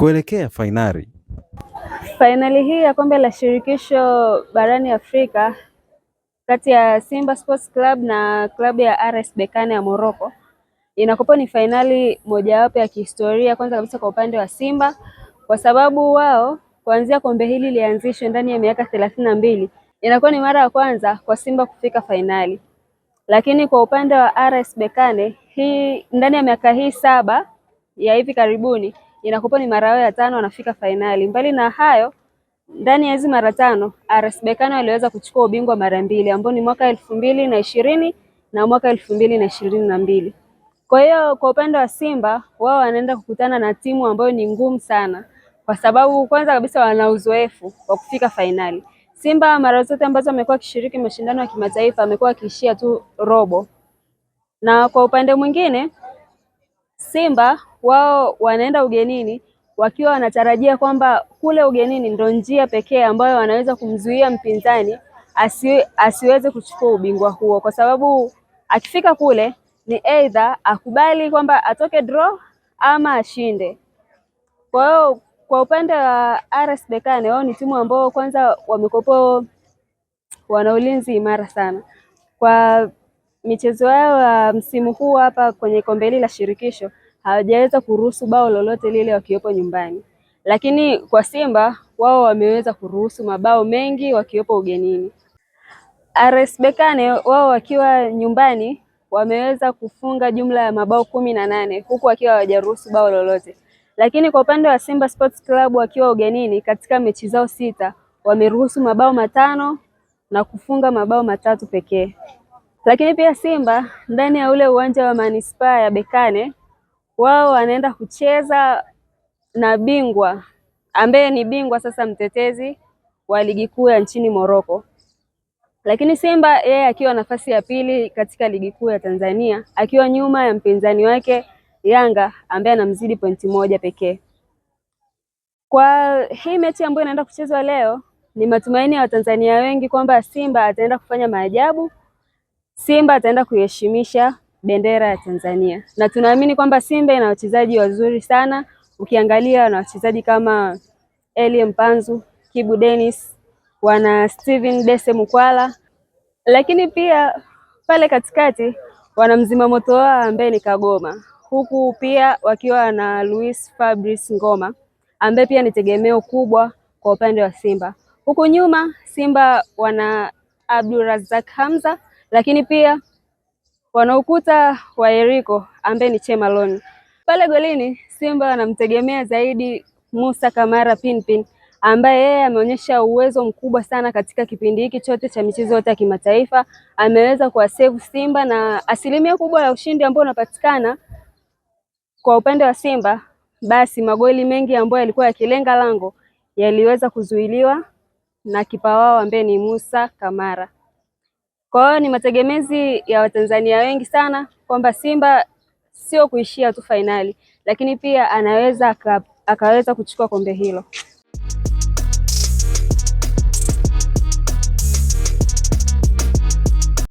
Kuelekea fainali fainali hii ya kombe la shirikisho barani Afrika kati ya Simba Sports Club na klabu ya RS Berkane ya Morocco inakopa ni fainali mojawapo ya kihistoria, kwanza kabisa kwa upande wa Simba, kwa sababu wao kuanzia kombe hili lianzishwe ndani ya miaka thelathini na mbili inakuwa ni mara ya kwanza kwa Simba kufika fainali. Lakini kwa upande wa RS Berkane hii ndani ya miaka hii saba ya hivi karibuni inakupa ni mara yao ya tano anafika fainali. Mbali na hayo, ndani ya hizi mara tano RS Berkane waliweza kuchukua ubingwa mara mbili ambao ni mwaka elfu mbili na ishirini na mwaka elfu mbili na ishirini na mbili. Kwa hiyo kwa upande wa Simba wao wanaenda kukutana na timu ambayo ni ngumu sana, kwa sababu kwanza kabisa wana uzoefu wa kufika fainali. Simba mara zote ambazo amekuwa akishiriki mashindano ya kimataifa amekuwa akiishia tu robo, na kwa upande mwingine Simba wao wanaenda ugenini wakiwa wanatarajia kwamba kule ugenini ndo njia pekee ambayo wanaweza kumzuia mpinzani asiweze kuchukua ubingwa huo, kwa sababu akifika kule ni aidha akubali kwamba atoke draw ama ashinde. Kwa hiyo kwa upande wa RS Berkane, wao ni timu ambao kwanza wamekuwepo wana ulinzi imara sana kwa michezo yao ya msimu huu hapa kwenye kombe hili la shirikisho hawajaweza kuruhusu bao lolote lile wakiwepo nyumbani, lakini kwa Simba wao wameweza kuruhusu mabao mengi wakiwepo ugenini. RS Berkane wao wakiwa nyumbani wameweza kufunga jumla ya mabao kumi na nane huku wakiwa hawajaruhusu bao lolote, lakini kwa upande wa Simba Sports Club wakiwa ugenini katika mechi zao sita wameruhusu mabao matano na kufunga mabao matatu pekee. Lakini pia Simba ndani ya ule uwanja wa manispaa ya Bekane, wao wanaenda kucheza na bingwa ambaye ni bingwa sasa mtetezi wa ligi kuu ya nchini Morocco. Lakini Simba yeye akiwa nafasi ya pili katika ligi kuu ya Tanzania akiwa nyuma ya mpinzani wake Yanga ambaye anamzidi pointi moja pekee. Kwa hii mechi ambayo inaenda kuchezwa leo, ni matumaini ya Watanzania wengi kwamba Simba ataenda kufanya maajabu Simba ataenda kuiheshimisha bendera ya Tanzania na tunaamini kwamba Simba ina wachezaji wazuri sana, ukiangalia na wachezaji kama Eli Mpanzu, Kibu Dennis, wana Steven Dese Mukwala, lakini pia pale katikati wana mzima moto wao ambaye ni Kagoma, huku pia wakiwa na Luis Fabrice Ngoma ambaye pia ni tegemeo kubwa kwa upande wa Simba. Huku nyuma Simba wana Abdulrazak Hamza lakini pia wanaukuta wa Yeriko ambaye ni Che Pale golini Simba wanamtegemea zaidi Musa Kamara Pinpin ambaye yeye ameonyesha uwezo mkubwa sana katika kipindi hiki chote cha michezo yote ya kimataifa. Ameweza kuwasave Simba na asilimia kubwa ya ushindi ambao unapatikana kwa upande wa Simba, basi magoli mengi ambayo yalikuwa yakilenga lango yaliweza kuzuiliwa na kipa wao ambaye ni Musa Kamara. Kwa hiyo ni mategemezi ya Watanzania wengi sana kwamba Simba sio kuishia tu fainali, lakini pia anaweza akaweza kuchukua kombe hilo.